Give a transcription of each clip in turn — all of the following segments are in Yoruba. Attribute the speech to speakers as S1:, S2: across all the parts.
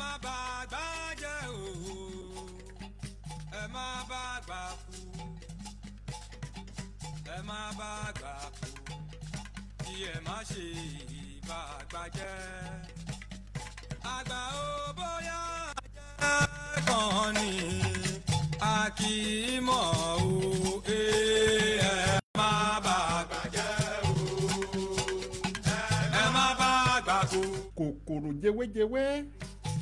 S1: má bá àgbà jẹ́ òwò ẹ má bá àgbà kú ẹ má bá àgbà kú kí ẹ má ṣe ìbá àgbà jẹ́ àgbà ó bóyá àjẹ́ kan ni a kì í mọ̀ o ẹ má bá àgbà jẹ́ òwò ẹ má bá àgbà
S2: kú. kòkòrò jẹwéjẹwé.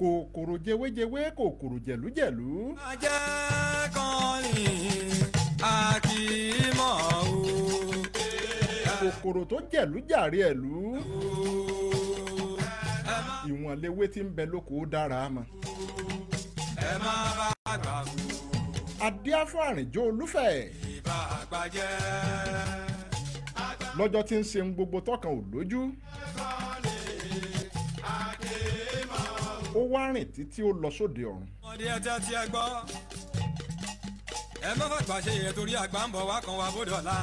S2: kòkòrò jẹwéjẹwé kòkòrò jẹ̀lújẹ̀lú.
S1: ajẹ́ kan
S2: ní akímọ̀ o. kòkòrò tó jẹ̀lújàre ẹ̀lú. ìwọ̀n léwé tí ń bẹ lóko dára mọ́.
S1: ẹ má bá a gbà kú.
S2: adé àrìnjó olúfẹ̀.
S1: ìbá àgbàjẹ́.
S2: lọ́jọ́ tí ń ṣe ń gbogbo tọkàn ò lójú. ẹ sọ. ó wá rìn títí ó lọ sóde ọ̀run.
S1: ọmọdé ẹ tẹ́ tí ẹ gbọ́ ẹ má fàgbà ṣe yẹ torí àgbà ń bọ̀ wá kan wá bóde ọ̀la.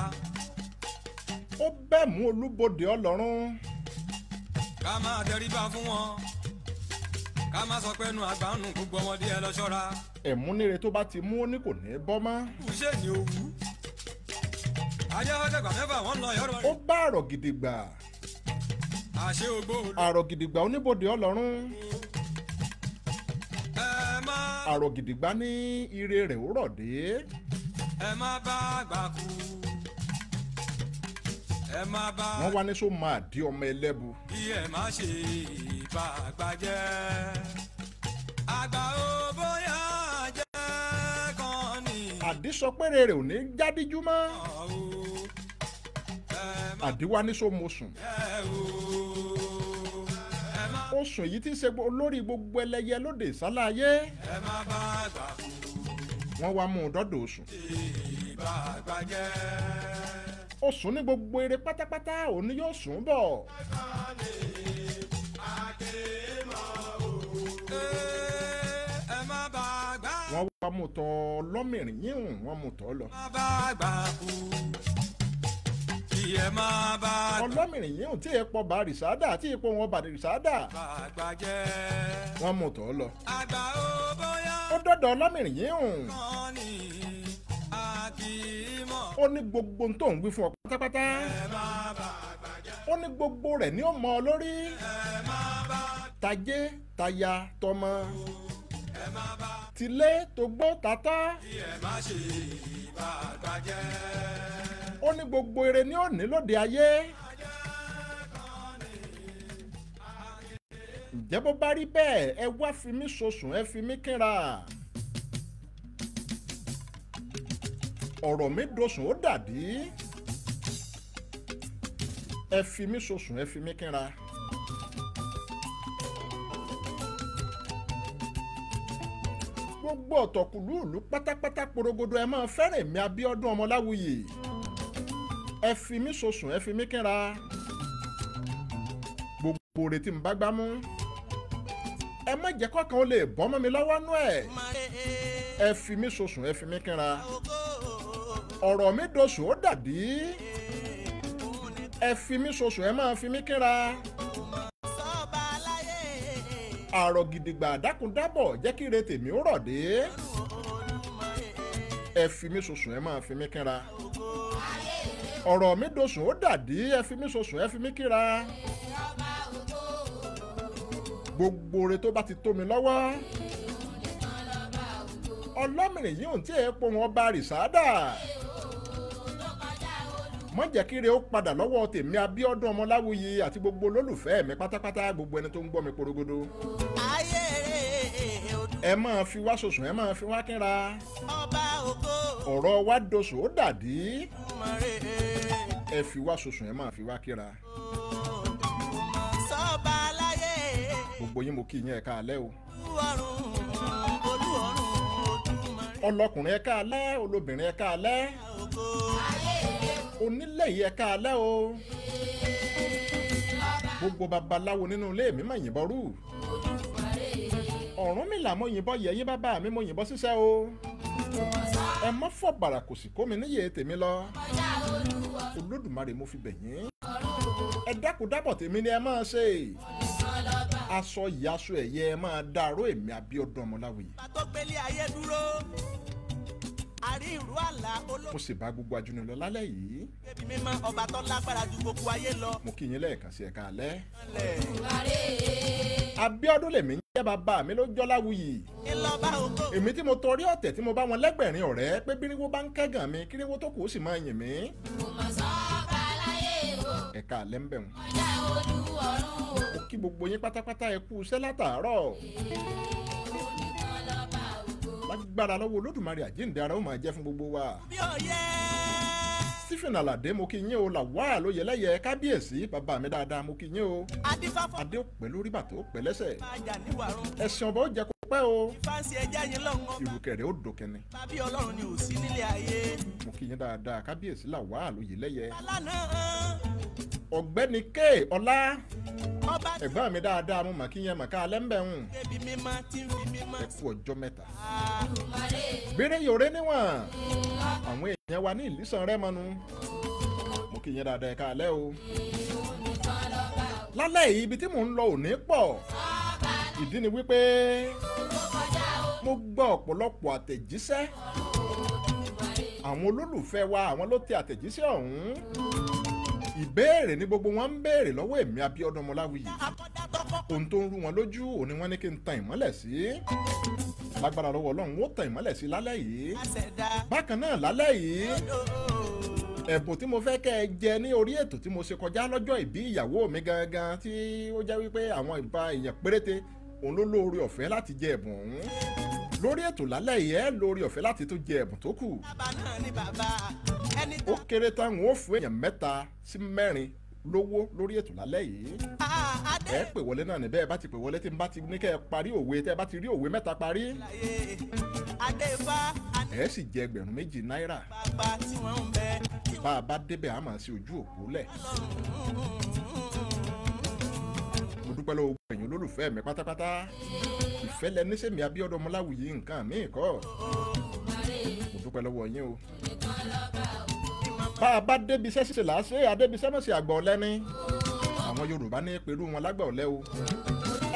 S2: ó bẹ́ẹ̀ mú olúbodè ọlọ́run.
S1: ká máa tẹríba fún wọn ká má sọ pé ẹnu àgbà ń nù gbogbo ọmọdé ẹ lọ ṣọ́ra.
S2: ẹ̀múnire tó bá ti mú ó ní kò ní í bọ́ mọ́.
S1: ṣé ni òwú. ajá wá dẹ̀gbà mẹ́fà wọ́n lọ
S2: yọ̀rọ̀ ó bá àrọ̀ gidigba. àṣé ogbó. àrọ̀ gidigba oníbodè ọlọ́run àrò gidigba ní ire rẹ̀ ó rọ̀ dé. ẹ má bá àgbà kú ẹ má bá. wọ́n wá ní sọ máa di ọmọ ẹlẹ́bu.
S1: bí ẹ má ṣe ìbá àgbà jẹ́
S2: àgbà ó bóyá jẹ́ kan ni. àdìsọpẹ́rẹ́ rẹ̀ ò ní jádíjú mọ́. àdìwá ní sọ mo sùn. ẹ o oṣù yìí ti ń ṣe olórí gbogbo ẹlẹ́yẹ lóde ìsáláyé.
S1: ẹ má bá àgbà kú.
S2: wọ́n wá mú un dọ́dọ̀ oṣù.
S1: ìbá àgbà jẹ́.
S2: oṣù ní gbogbo eré pátápátá òun yóò sùn bọ̀. wọ́n wá mú tọ́ lọ́mìnrin yíhùn wọ́n mú tọ́ lọ. ẹ má bá àgbà kú kí ẹ máa bá a. ọlọ́mìnrin yìí tí ipò bá rìsáàdà tí ipò wọn bá rìsáàdà.
S1: bàgbà jẹ́.
S2: wọ́n mú tọ́ lọ. àgbà ó bóyá. ó dọ́dọ̀ ọlọ́mìnrin yìí hùn. kàn ní àkìmọ̀. ó ní gbogbo tó ń wí fún ọ pátápátá. ẹ máa bá àgbà jẹ́. ó ní gbogbo rẹ̀ ní ó mọ ẹ máa bá. tajé taya tọmọ. ẹ máa bá. tilé togbó tata. kí ẹ má
S1: ṣe ìbàgbà jẹ́
S2: ó ní gbogbo ire ní òní lóde ayé. ǹjẹ́ bó bá rí bẹ́ẹ̀ ẹ wá fi mí sosùn ẹ fi mí kínra. ọ̀rọ̀ mi dosùn ó dàbí ẹ fi mí sosùn ẹ fi mí kínra. gbogbo ọ̀tọ̀kùlú ìlú pátápátá porogodo ẹ máa fẹ́ràn mi Abíọ́dún Ọmọláwuyì ẹ fi mí sosùn ẹ fi mí kínra gbogbo retí mi bá gbá mú ẹ má jẹ́ kọ́kàn ó lè bọ́ mọ́ mi lọ́wọ́ nú ẹ̀ ẹ fi mí sosùn ẹ fi mí kínra ọ̀rọ̀ mi dosùn ó dàbí ẹ fi mí sosùn ẹ máa fi mí kínra àrò gidigba dákundábọ̀ jẹ́ kí ire tèmi ó rọ̀ dé ẹ fi mí sosùn ẹ máa fi mí kínra ọ̀rọ̀ mi dosùn ó dàdí ẹ fi mí sosùn ẹ fi mí kíra gbogbo ore tó bá ti tó mi lọ́wọ́ ọlọ́mìnrin yìí ò tí ì po wọn bá rìsáàdà mọ jẹ́ kí ire ó padà lọ́wọ́ tèmi Abíọ́dún Ọmọláwuyì àti gbogbo olólùfẹ́ mi pátápátá gbogbo ẹni tó ń gbọ́ mi porogodo ẹ máa fi wá sosùn ẹ máa fi wá kínra ọ̀rọ̀ wa dosùn ó dàdí ẹ fi wá sùsùn ẹ máa fi wá kíra.
S3: sọ́ba aláyé.
S2: gbogbo yín mo kí yín ẹ káalẹ́ o.
S3: ọrùn olú ọrùn
S2: Olódùmarè. ọlọkùnrin ẹ káalẹ́ olóbìnrin ẹ káalẹ́. onílé yìí ẹ káalẹ́ o. gbogbo babaláwo nínú ilé mi máa yìnbọn rú. ọ̀run mi là mo yìnbọn yẹ̀yẹ́ bàbá mi mo yìnbọn ṣiṣẹ́ o. ẹ má fọ̀ bàrà kò sì kó mi níyè tèmi lọ. ọjà olú olódùmarè mo fi bẹ̀ yín ẹ dákun dábọ̀ tèmi ni ẹ máa ṣe aṣọ ìyaṣọ ẹ̀yẹ ẹ máa dàrú èmi Abíọ́dún Ọmọláwuyì.
S3: àtọ́gbélé ayé dúró àrí ìrú àlà
S2: olóòtú. mo sì bá gbogbo ajúnilọ lálẹ́ yìí. bébí mi ọba tó lágbára ju gbogbo ayé lọ. mo kí yín lẹ́ẹ̀kan sí ẹ̀ka alẹ́. Abíọ́dún lèmi ń jẹ́ bàbá mi ló jọ́láwuyì. èmi tí mo tọrí ọ̀tẹ̀ tí mo bá wọn lẹ́gbẹ̀rin ọ̀rẹ́ pé bíríwó bá ń kẹ́gàn mi kíríwó tó kù ó sì máa yìn mí. mo máa sọ ẹ̀ka àlẹ́ ń bẹ̀rùn. kí gbogbo yín pátápátá ẹ kú iṣẹ́ látàárọ̀. lágbára lọ́wọ́ olódùmarè àjíǹde ara ó máa jẹ́ fún gbogbo wa. Stephen Alade mo kí yín o Lawal ló yẹlẹyẹ kábíyèsí bàbá mi dáadáa mo kí yín o adé ó pẹ́ lórí bàtó pẹ́ lẹ́sẹ̀ ẹ̀sìn ọba jẹ́ kó pẹ́ o. ìfáǹsì ẹja yín lọ́hùn ọba. ìrùkẹ̀ rẹ̀ ó dòkẹ́ ni.
S3: bàbí ọlọ́run ni ò sí nílé ayé.
S2: mo kí yín dáadáa kábíyèsí là wà lóye lẹ́yẹ. ọ̀gbẹ́ni k ọlá ẹ̀gbọ́n mi dáadáa mo mà kí yẹn mà ká alẹ́ ń bẹ̀ ń. ẹ kú ọjọ́ mẹ́ta. bèrè yòrè níwọ̀n àwọn èèyàn wa ní ìlísàn rẹ mọ́nu mo kí yẹn dáadáa ká alẹ́ o. lálẹ́ yìí ibi tí mò ń lọ ò ní pọ̀ ìdí ni wípé mo gba ọ̀pọ̀lọpọ̀ àtẹ̀jíṣẹ́ àwọn olólùfẹ́ wa àwọn ló tẹ àtẹ̀jíṣẹ́ ọ̀hún ìbéèrè ni gbogbo wọn ń béèrè lọ́wọ́ èmi Abíọ́dún Ọmọláwìyí ohun tó ń rú wọn lójú òní wọn ní kí n tan ìmọ́lẹ̀ sí lágbára lọ́wọ́ Ọlọ́run ó tan ìmọ́lẹ̀ sí lálẹ́ yìí bákan náà lálẹ́ yìí ẹ̀bùn tí mo fẹ́ kẹ́ ẹ jẹ ní orí ètò tí mo ṣe kọjá lọ́jọ́ ìbí ìyàwó mi gangan tí ó jẹ́ wípé àwọn ìbá èèyàn péréte òun ló lóore ọ̀fẹ́ láti jẹ ẹ̀bùn ọ̀hún lórí ètò lálẹ́ yìí ẹ lórí ọ̀fẹ́ láti tó jẹ ẹ̀bùn tó kù. ni bàbá ẹni tó. ó kéré táwọn ó fún èèyàn mẹ́ta sí mẹ́rin lówó lórí ètò lálẹ́ yìí. ẹ pè wọlé náà níbẹ̀ bá ti pè wọlé tí n bá ti ní kẹ́ ẹ parí òwe tẹ́ ẹ bá ti rí òwe mẹ́ta parí. ẹ sì jẹ ẹgbẹ̀rún méjì náírà. bá a bá débẹ̀ a máa ojú òpó lẹ̀ dúpẹ́ lọ́wọ́ gbogbo ẹ̀yin olólùfẹ́ mi pátápátá ìfẹ́ lẹ ní sẹ́mi Abíọ́dún Ọmọláwùyí nǹkan mi kọ́ mo dúpẹ́ lọ́wọ́ yín o. bá a bá débi iṣẹ́ ṣíṣe là á ṣe àdébíṣẹ́ àgbà ọ̀lẹ́ ni àwọn Yorùbá ní pẹ̀lú wọn lágbà ọ̀lẹ́ o.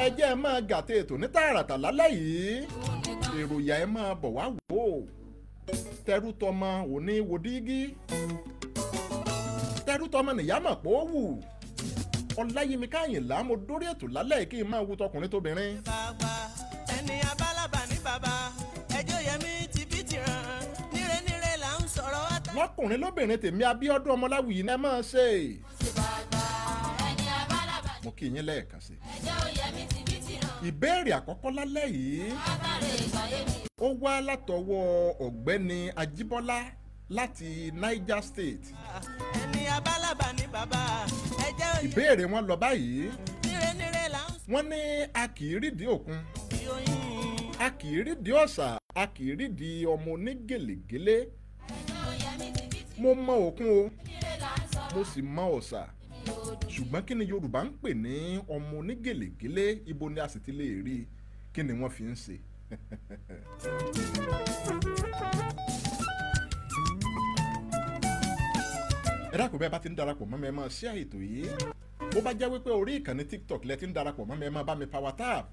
S2: ẹ jẹ́ ẹ máa gàtẹ́ ètò ní tààràtà lálẹ́ yìí èròyà ẹ máa bọ̀ wá wò ó tẹrú òní wòdígí tẹrú nìyá mọ̀ pé ó wù ọláyẹmí káyìnlá mo dórí ètò lálẹ́ kí n máa wo tọkùnrin tóbìnrin. bàbá
S3: ẹni abálábà ní bàbá ẹjọ́ yẹmí ti bí ti ràn án níre là ń sọ̀rọ̀
S2: wá. lọkùnrin lóbìnrin tèmi abíọ́dún ọmọláwìyí ni ẹ máa ṣe. bàbá ẹni abálábà. mo kí yín lẹ́ẹ̀kan sí.
S4: ẹjọ́ yẹmí ti bí ti ràn.
S2: ìbéèrè àkọ́kọ́ lálẹ́ yìí. ó wá látọwọ́ ọ̀gbẹ́ni Ajíbọ́lá láti Niger State. ẹni abálábà ní bàbá ìbéèrè wọn lọ báyìí wọ́n ní a kì í rídìí òkun a kì í rídìí ọ̀sà a kì í rídìí ọmọ onígèlègélé mo mọ òkun o mo sì mọ ọ̀sà ṣùgbọ́n kí ni Yorùbá ń pè ní ọmọ onígèlègélé ibo ni a sì ti lè rí kí ni wọ́n fi ń ṣe. dákun bẹ́ẹ̀ bá ti ń darapọ̀ mọ́ mi ẹ máa share ètò yìí bó bá jẹ́ wípé orí ìkànnì tiktok lẹ ti ń darapọ̀ mọ́ mi ẹ bá mi power tap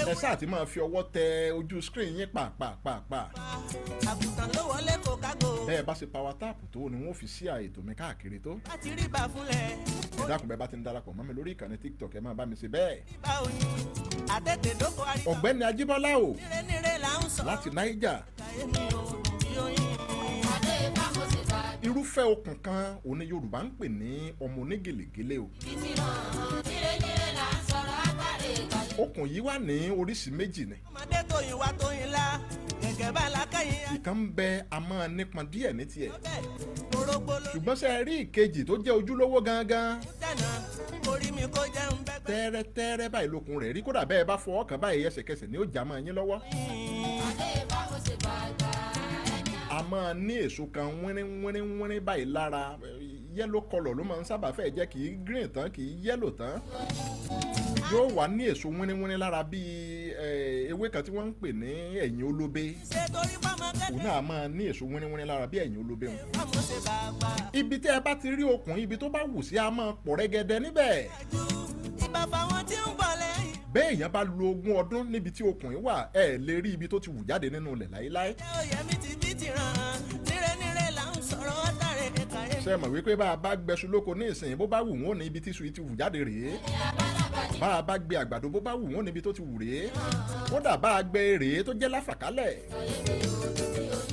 S2: ẹ sáà ti máa fi ọwọ́ tẹ ojú screen yín pàápàá.
S3: àgùntàn ló wọlé kó kágò.
S2: bẹ́ẹ̀ bá ṣe power tap tó ni wọ́n fi share ètò mi káàkiri tó. a
S3: ti rí bá fúnlẹ̀.
S2: ẹ dákun bẹ́ẹ̀ bá ti ń darapọ̀ mọ́ mi lórí ìkànnì tiktok ẹ máa bá mi ṣe bẹ́ẹ̀. ibà oyin ọ̀gbẹ́ni Ajíbọ́lá o láti Niger irúfẹ́ okùn kan òun ni Yorùbá ń pè ní ọmọ onígèlègélé o. okùn yìí wà ní oríṣi méjì ni. ọmọdé
S3: tó yin wa tó yin la gẹ́gẹ́ bá lákàyìn ya.
S2: ìkan bẹ a máa nípọn díẹ̀ ní tiẹ̀. ṣùgbọ́n ṣe rí ìkejì tó jẹ́ ojúlówó gangan. tẹ́rẹ́tẹ́rẹ́ báyìí lókun rẹ̀ rí kódà bẹ́ẹ̀ bá fọwọ́ kàn báyìí ẹsẹ̀kẹsẹ̀ ni ó jà máa yín lọ́wọ́ máa ní èso kan wínrín wínrín wínrín báyìí lára yellow color ló máa ń sábà fẹ́ jẹ́ kì í green tán kì í yellow tán yóò wá ní èso wínrín wínrín lára bíi ewé kan tí wọ́n ń pè ní ẹ̀yìn olóbe òun náà máa ní èso wínrín wínrín lára bíi ẹ̀yìn olóbe wọn. ibi tí ẹ bá ti rí okùn ibi tó bá wù sí a máa pọ̀ rẹ́gẹ́dẹ́ níbẹ̀ bẹ́ẹ̀ èèyàn bá lo ogún ọdún níbi tí okùn yìí wà ẹ lè rí ibi tó ti wù jáde nínú ilẹ̀ láéláé. ẹ
S3: ò yẹ mi ti bí tìràn nírè nírè là ń sọ̀rọ̀ ọ̀tàrẹ̀ kàrẹ́. ṣé
S2: mọ̀ wípé bá a bá gbẹṣu lóko ní ìsìn bó bá wù wọ́n ní ibi tí sùn ti wù jáde rèé bá a bá gbé àgbàdo bó bá wù wọ́n níbi tó ti wù rèé kódà bá a gbé rèé tó jẹ́ láfàkálẹ̀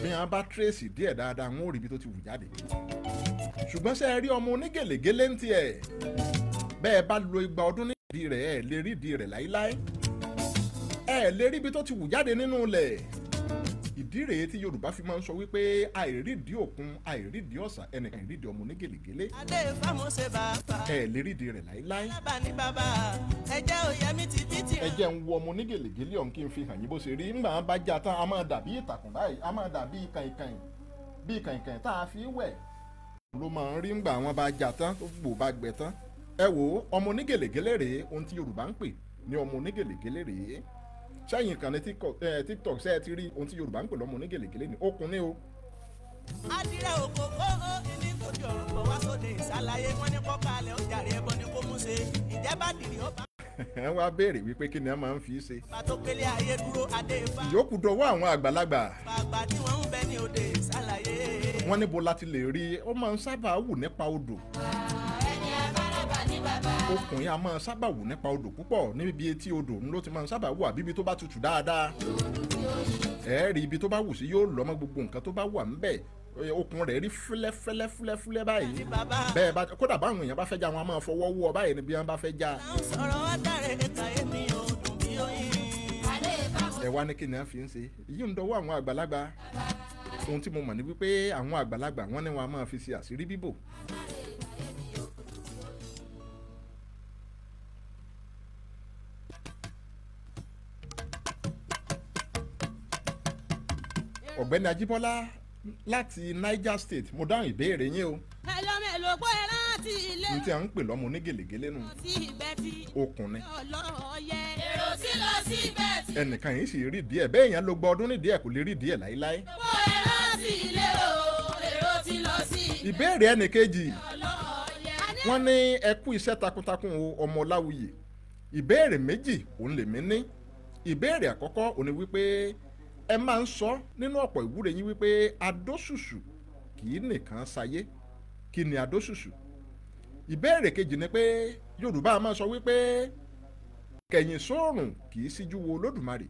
S2: bí wọn bá tírèsì díẹ̀ dáadáa wọn ò rí ibi tó ti wù jáde ṣùgbọ́n ṣe rí ọmọ onígèlègélé ń tiẹ̀ bẹ́ẹ̀ bá lo igba ọdún ní ìdí rẹ̀ ẹ̀ lè rí ìdí rẹ̀ láíláí ẹ̀ lè rí ibi tó ti wù jáde nínú ilẹ̀ ìdí rèé tí yorùbá fi máa ń sọ wípé àìrídìí òkun àìrídìí ọ̀sà ẹnìkan ìrídìí ọmọ onígelegele. adé ìfàmùsẹ̀ bàbá. ẹ lè rídìí rẹ̀ láíláí. bàbá ni bàbá ẹjẹ́ òyàmí ti bí tiẹ̀. ẹjẹ́ ń wo ọmọ onígelegele ọ̀hún kí n fi hàn yín bó ṣe rí ńgbà bá já tán a máa dàbí ìtàkùn báyìí a máa dàbí kàìnkàìn bí kàìnkàìn tá a fi wẹ̀ ló máa ń rí ńgbà wọn bá já tán tó gbò bá gbẹ tán ẹ wo ọmọ onígelegele rèé ohun tí yorùbá ń pè ní ọmọ onígelegele rèé ṣẹ́yìn ìkànnì tiktok ṣe é ti rí ohun tí yorùbá ń pè lọ́mọ onígèlègèlè ní okun ní o.
S3: adìrẹ òkòkò ìní kò di ọ̀rùn wá sóde ìsàlàyé wọn ní kọ́kàlẹ̀ ó jàre ẹbọ ni kò mú ṣe ìjẹ́bá dìrì ó bá.
S2: ẹ wá béèrè wípé kí ni ẹ máa ń fi ṣe.
S3: pàtó pélé ayé dúró adé ifá.
S2: ìyókù dọwọ́ àwọn àgbàlagbà. bàbá
S3: tí wọ́n ń bẹ ní òde ìsàlàyé.
S2: wọ́n níbo láti lè rí ó ń sábà wù nípa odò ọkùnrin a máa sábà wù nípa odò púpọ̀ níbi etí odò ló ti máa sábà wù àbíbi tó bá tutù dáadáa ẹ rí ibi tó bá wù sí yóò lọ mọ gbogbo nǹkan tó bá wà ńbẹ̀ okùn rẹ̀ rí fúlẹ́fúlẹ́fúlẹ́fúlẹ́ báyìí bẹ́ẹ̀ bá kódà báwọn èèyàn bá fẹ́ já wọn a máa fọwọ́ wú ọ báyìí ni bí bá fẹ́ já. ẹ wá ní kí ni a fi ń ṣe èyí ń dọwọ́ àwọn àgbàlagbà ohun tí mo mọ̀ ni wípé àwọn àgbàlagbà wọ́n ní wọn a máa fi ṣe àṣírí bíbò ọ̀gbẹ́ni Ajíbọ́lá láti Niger State mo dáhùn ìbéèrè yín o.
S4: ẹlọ mélòó pé láti ilé. n tí a
S2: ń pè lọ́mọ onígèlègélé nù. okùn ni. èrò tí lọ sí bẹ́ẹ̀tì. ẹnìkan yìí sì rí díẹ̀ bẹ́ẹ̀ yẹn ló gbọ́ ọdún nídìí ẹ̀ kò lè rí díẹ̀ láíláí. pé
S4: láti
S3: ilé o èrò tí lọ sí.
S2: ìbéèrè ẹnìkejì wọ́n ní ẹ kú iṣẹ́ takuntakun o ọmọ Láwùyè ìbéèrè méjì òun lèmi ní ìbéèrè àkọ́kọ́ òun ni wípé ẹ máa ń sọ nínú ọ̀pọ̀ ìwúre yín wípé adóṣùṣù kì í nìkan ṣayé kí ni adóṣùṣù ìbéèrè kejì ni pé Yorùbá máa sọ wípé kẹ̀yìn sóòrùn kì í síjú wo Olódùmarè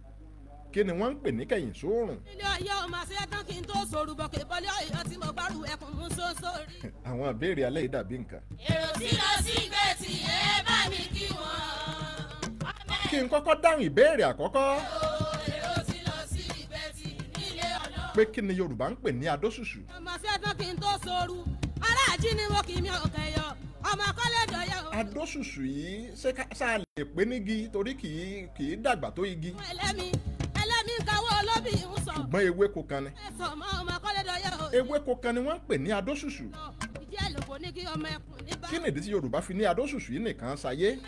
S2: kí ni wọ́n ń pè ní kẹ̀yìn sóòrùn.
S4: ilé ọyọ ọmọ àṣeyẹ tán kí n tó sòrù bọ̀kẹ́ bọ́lé ọyọ tí mo gbárù ẹkùn mú sóńsó rí.
S2: àwọn ìbéèrè alẹ́ yìí dàbí nǹkan.
S4: èrò tí lọ sí gbèsè ẹ bá mi kí
S2: wọn. kí n kọ́kọ́ dáhùn ìbéèrè àkọ́kọ́ pé kí ni Yorùbá ń pè ní adóṣùṣù.
S4: ọmọ sí ọdún kí n tó sooru ará àjí ni mo kì í mi ọkẹ yọ ọmọ kọ́lé dọ̀yà o.
S2: adóṣùṣù yìí ṣé sáà lè pé nígi torí kì í kì í dàgbà tó igi.
S4: ẹlẹ́mi ẹlẹ́mi ń kawọ́ olóbì ń
S2: sọ. ṣùgbọ́n ewéko kan ni.
S4: ẹ sọ ọmọ ọmọ kọ́lé dọ̀yà
S2: o. ewéko kan ni wọ́n ń pè ní adóṣùṣù kí nìdí tí yorùbá fi ní adóṣùṣù yìí nìkan ṣayé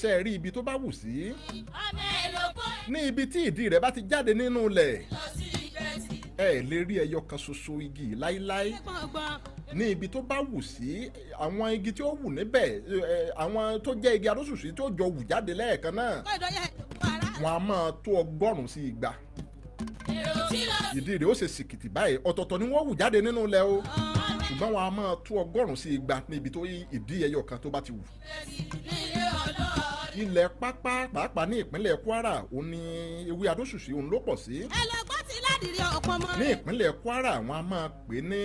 S2: ṣe rí ibi tó bá wù sí ní ibi tí ìdí rẹ̀ bá ti jáde nínú ilẹ̀ ẹ ẹ lè rí ẹyọ kan ṣoṣo igi yìí láíláí ní ibi tó bá wù sí àwọn igi tí ó wù níbẹ̀ àwọn tó jẹ́ igi adóṣùṣù tí jọ wù jáde lẹ́ẹ̀kan náà wọn a máa tó ọgọ́rùn-ún sí igba ìdí rẹ̀ ó ṣe sìkìtì báyìí ọ̀tọ̀ọ̀tọ̀ ni wọ́n wù jáde nínú ilẹ̀ o ṣùgbọ́n wọn a máa tó ọgọ́rùn-ún sí igba níbi tó ìdí ẹyọ kan tó bá ti wù ilẹ̀ pápá pàápàá ní ìpínlẹ̀ Kwara òun ni ewé adóṣùṣù òun ló pọ̀ sí. ẹ lọ gbọ́ dìrí ọ̀pọ̀ mọ́ rẹ̀. ní ìpínlẹ̀ Kwara àwọn a máa pè ní.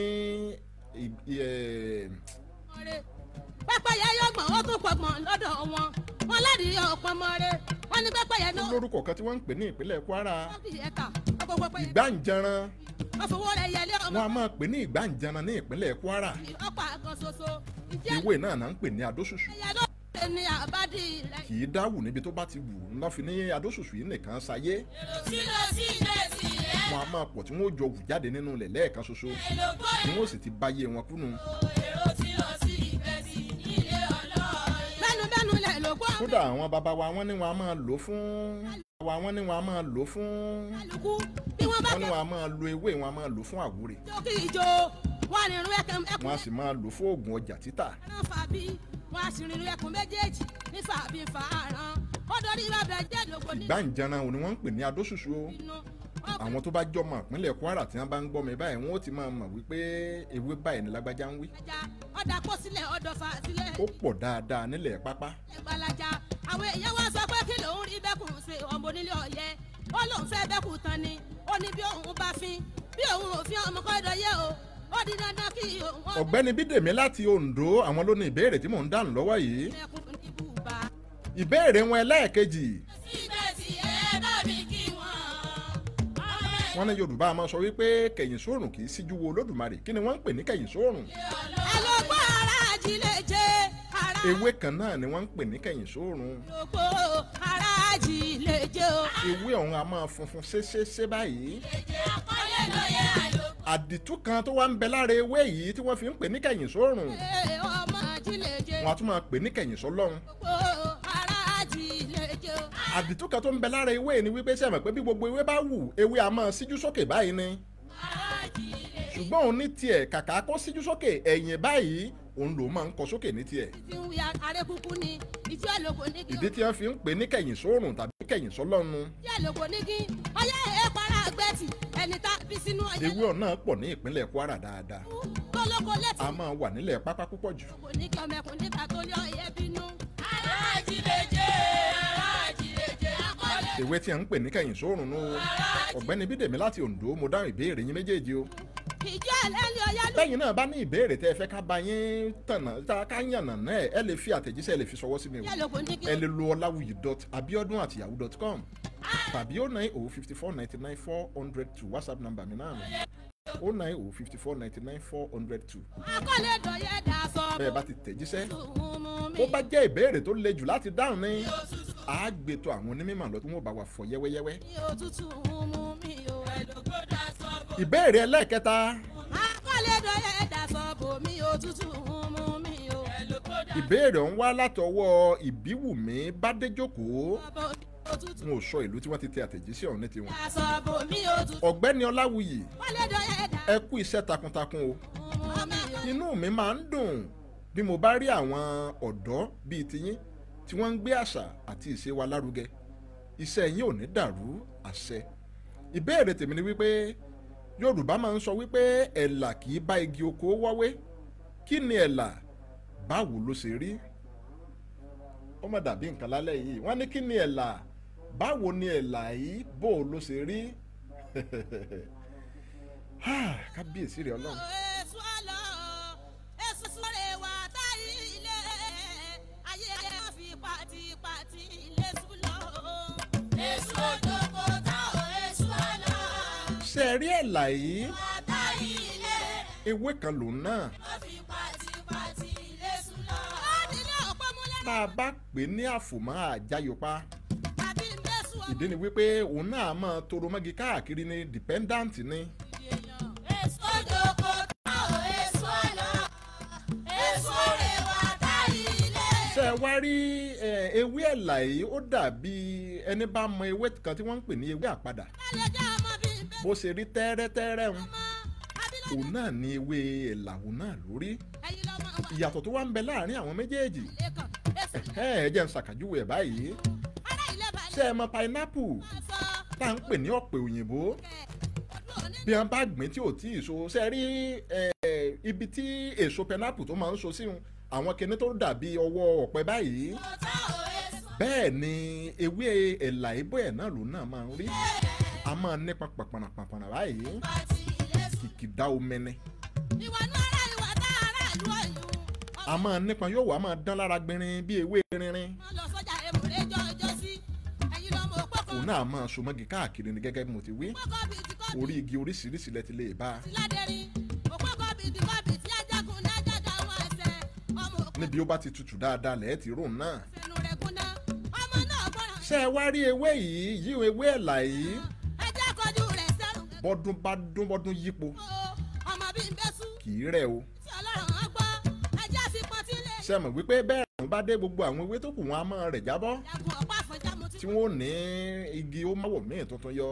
S4: pẹ́pẹ́yẹ yọgbọ̀n ó tún pọ̀gbọ̀n lọ́dọ̀ wọn wọn ládìrí ọ̀pọ̀ mọ́ rẹ̀ wọn ní pẹ́pẹ́yẹ náà.
S2: lórúkọ kan tí wọ́n ń pè ní ìpínlẹ̀ Kwara ìgbàǹjanran wọn a máa pè ní ìgbàǹjanran ní ìpínlẹ̀ Kwara ewé náà náà ń pè ní adóṣùṣù kì í dáwù níbi tó bá ti wù ńlá fi ní adóṣùṣù yìí nìkan ṣayé.
S4: èrò sí sí ilé sí
S2: wọn a máa pọ̀ tí wọ́n ó jọ wù jáde nínú ilẹ̀ lẹ́ẹ̀kan ṣoṣo tí wọ́n ó sì ti báyé wọn kúnnu. kódà àwọn bàbá wa wọ́n ní wọn a máa lò fún wa wọ́n ní wọn a máa lò fún wọ́n ní wọn a máa lo ewé wọn a máa lò fún àwúre
S4: wọ́n
S2: a sì máa lò fún oògùn ọjà títà
S4: wọn a sì rìn ìrìn ẹkùn méjèèjì ní fàbí fàárán ó dorí bàbá jẹ́ ìdógún ní. ìgbà
S2: ìjànà òní wọ́n ń pè ní adóṣùṣù o àwọn tó bá jọmọ ìpínlẹ̀ Kwara tí wọ́n bá ń gbọ́ mi báyìí wọ́n ó ti máa mọ̀ wípé ewé báyìí ni lágbájá ń wí.
S4: ọ̀dà kó sílẹ̀ ọ̀dọ̀ fà sílẹ̀.
S2: ó pọ̀ dáadáa nílẹ̀ pápá.
S4: ìgbàlájà àwọn èèyàn wá sọ pé kí lòun rí bẹ́kùn ṣe ọmọ onílé ọ̀yẹ́ ó lòun fẹ́ bẹ́kùn tán ni ó ní bí òun bá fin bí òun ò fi ọmọ kọ́dọ̀ yẹ o ó di dandan kí òun.
S2: ọ̀gbẹ́ni bídèmí láti Ondo àwọn ló ìbéèrè tí mò ń dáhùn lọ́wọ́ yìí. ìbéèrè wọn ẹlẹ́ẹ̀kejì. síbẹ̀ wọn ní yorùbá máa sọ wípé kẹ̀yìn sóòrùn kì í síjú wo olódùmarè kí ni wọ́n ń pè ní kẹ̀yìn sóòrùn. ẹ
S4: ara àjílẹ̀ jẹ́
S2: ara. ewé kan náà ni wọ́n ń pè ní kẹ̀yìn sóòrùn.
S4: gbogbo ara àjílẹ̀ jẹ́
S2: o. ewé ọ̀hún a máa funfun ṣéṣeṣe báyìí. ìlẹ̀jẹ̀ àkọ́lé lóye àlọ́. àdìtú kan tó wá ń bẹ lára ewé yìí tí wọ́n fi ń pè ní kẹ̀yìn sóòrùn.
S4: ọmọ àjílẹ̀ jẹ́. wọ́n á tún
S2: máa pè ní kẹ̀yìn sọ́lọ́run. gbogbo àdìtú kan tó ń bẹ lára ewé ni wípé sẹ́mọ̀ pé bí gbogbo ewé bá wù ewé a máa síjú sókè báyìí ni ṣùgbọ́n òun ní tiẹ̀ kàkà kó síjú sókè ẹ̀yìn báyìí òun lòún máa ń kọ sókè ní tiẹ̀. ìdí tí wọ́n fi ń pè ní kẹ̀yìn sóòrùn tàbí kẹ̀yìn sọ́lọ́nu. ewé ọ̀nà pọ̀ ní ìpínlẹ̀ Kwara dáadáa a máa wà nílẹ̀ pápá púpọ̀ jù. èwe tí à ń pè ní kẹyìn sóòrùn nù ọ̀gbẹ́ni bídèmí láti ondo mo dáhùn ìbéèrè yín méjèèjì o.
S4: ìjọ ẹlẹ́ni ọ̀yálù.
S2: lẹ́yìn náà bá ní ìbéèrè tẹ́ ẹ fẹ́ ká bá yín tànà tá a ká yànnà náà ẹ lè fi àtẹ̀jíṣẹ́ ẹ lè fi ṣọwọ́ sí mi o ẹ lè lo ọláwùyí dot abiodun at yahoo dot com tàbí ó náà òwò oh fifty four ninety nine four hundred two whatsapp number mi náà ó náà òwò oh fifty four ninety nine four hundred two.
S4: akọ́lé dọ̀yẹ́ dà sọ. bẹ́ẹ̀
S2: bá ti a gbẹ̀tọ̀ àwọn onímọ̀ lọ tí wọ́n bá wa fọ yẹ́wẹ́yẹ́wẹ́.
S4: mi ò tútù mú mi ò ẹ̀dọ́gbọ́dọ̀
S2: sọ bò. ìbéèrè ẹlẹ́ẹ̀kẹta.
S4: akọ́lẹ́dọ̀ ẹ̀dà sọ bò mi ò tútù mú mi
S2: ìbéèrè ń wá látọwọ́ ìbíwùmí bádéjókòó n ò sọ ìlú tí wọ́n ti tẹ àtẹ̀jíṣẹ́ ọ̀hún ní tiwọn. ọ̀gbẹ́ni ọláwuyì ẹ kú iṣẹ́ takuntakun o inú mi máa ń dùn bí mo bá rí àwọn ọ̀dọ́ bíi tiyín tí wọ́n ń gbé àṣà àti ìṣe wa lárugẹ iṣẹ́ yín ò ní dàrú àṣẹ. ìbéèrè tèmi ni wípé yorùbá máa ń sọ wípé ẹ̀là kì í bá igi oko wáwé kí ni ẹ̀là báwo ló ṣe rí ó má dàbí nǹkan lálẹ́ yìí wọ́n ní kí ni ẹ̀là báwo ni ẹ̀là yìí bó ló ṣe rí kábíyèsí rẹ̀ ọlọ́run. ṣe rí ẹ̀là yìí. bàbá ilé. ewé kan lòun náà.
S4: ó fi pàtìpàtì ilé sùn lọ. ó
S2: ní ilé ọ̀pọ̀ múlẹ̀. tá a bá pè ní àfòmọ́ àjáyọpá. àbí mẹ́sùn ọ̀pọ̀. ìdí ni wípé òun náà máa toro mọ́gi káàkiri ni dependant ni. ṣe wá rí ewé ẹ̀là yìí ó dàbí ẹni bá mọ ewé kan tí wọ́n ń pè ní ewé àpadà. ẹ lè bó ṣe rí tẹ́rẹ́tẹ́rẹ́ ń òun náà ní ewé ẹ̀là òun náà lórí ìyàtọ̀ tó wá ń bẹ láàrin àwọn méjèèjì ẹ jẹ́ ń ṣàkàjúwe ẹ̀ báyìí ṣé ẹ mọ pineapple tá à ń pè ní ọ̀pẹ̀ òyìnbó bí wọ́n bá gbìn tí ò tí ì so ṣe rí ibi tí èso pineapple tó máa ń so sí àwọn kinní tó dàbí ọwọ́ ọ̀pẹ báyìí bẹ́ẹ̀ ni ewé ẹ̀là ẹ̀ náà lòun náà máa ń rí a máa nípa pàpànà pàpànà báyìí kìkìdá omẹnẹ a máa nípa yóò wá máa dán lára gbinrin bí ewé rinrin òun náà máa sọmọgì káàkiri ni gẹ́gẹ́ bí mo ti wí orí igi oríṣiríṣi lẹ ti lè bá a. níbi ó bá ti tutù dáadáa lẹ́ẹ̀ ti rò náà. ṣé wá rí ewé yìí yí ewé ẹ̀là yìí bọ́dún bá dún bọ́dún yípo kì í rẹ̀ o. ṣe mọ̀ wípé bẹ́ẹ̀ àwọn bá dé gbogbo àwọn ewé tó kù wọn a máa rẹ̀ jábọ́ tí wọ́n ní igi ó máwọ̀ míì tuntun yọ